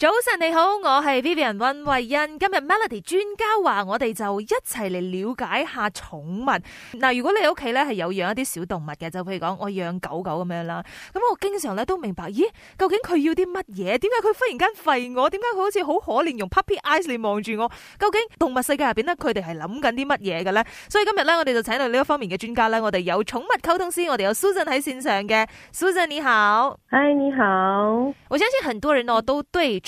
早晨你好，我係 Vivian 溫慧欣。今日 Melody 專家話，我哋就一齊嚟了解一下寵物。嗱，如果你屋企咧係有養一啲小動物嘅，就譬如講我養狗狗咁樣啦。咁我經常咧都明白，咦，究竟佢要啲乜嘢？點解佢忽然間吠我？點解佢好似好可憐，用 puppy eyes 嚟望住我？究竟動物世界入邊呢，佢哋係諗緊啲乜嘢嘅咧？所以今日咧，我哋就請到呢一方面嘅專家咧，我哋有寵物溝通師，我哋有 Susan 喺線上嘅。Susan，你好，嗨，你好。我相信很多人我都對。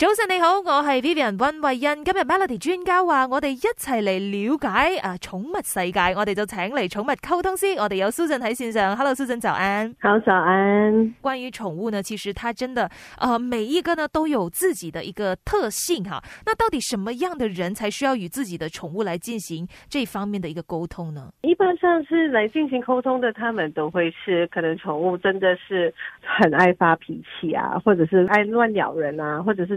早晨你好，我係 Vivian 溫慧欣。今日 Melody 專家話，我哋一齊嚟了解啊寵物世界。我哋就請嚟寵物溝通師，我哋有蘇振喺線上 Hello，蘇振早安。好早安上。關於寵物呢，其實佢真的誒、呃、每一個呢都有自己的一個特性哈、啊。那到底什麼樣的人才需要與自己的寵物來進行這方面的一個溝通呢？一般上是來進行溝通的，他們都會是可能寵物真的是很愛發脾氣啊，或者是愛亂咬人啊，或者是。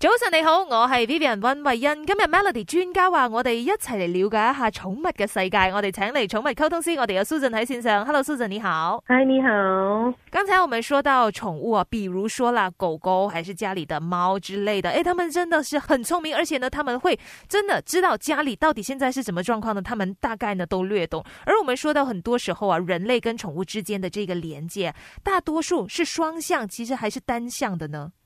早晨你好，我係 Vivian 溫慧欣。今日 Melody 專家話，我哋一齊嚟了解一下寵物嘅世界。我哋請嚟寵物溝通師，我哋有蘇振喺線上。Hello，蘇振你好。Hi，你好。剛才我們說到寵物啊，比如說啦，狗狗，還是家裏的貓之類的。誒、欸，他們真的是很聰明，而且呢，他們會真的知道家裏到底現在是什麼狀況呢？他們大概呢都略懂。而我們說到很多時候啊，人類跟寵物之間的這個連接，大多數是雙向，其實還是單向的呢？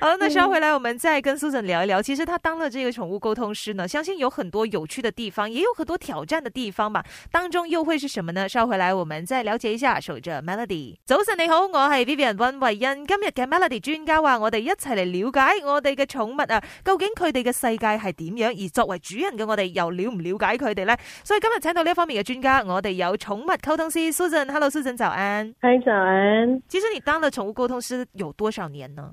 好，那稍回來，我們再跟 Susan 聊一聊。其實他當了這個寵物溝通師呢，相信有很多有趣的地方，也有很多挑戰的地方吧。當中又會是什麼呢？稍回來，我們再了解一下。守着 Melody，早晨你好，我係 Vivian 溫慧欣。今日嘅 Melody 專家話，我哋一齊嚟了解我哋嘅寵物啊，究竟佢哋嘅世界係點樣？而作為主人嘅我哋又了唔了解佢哋呢？所以今日請到呢一方面嘅專家，我哋有寵物溝通師 Susan。Hello，Susan 早安。嗨，早安。其實你當了寵物溝通師有多少年呢？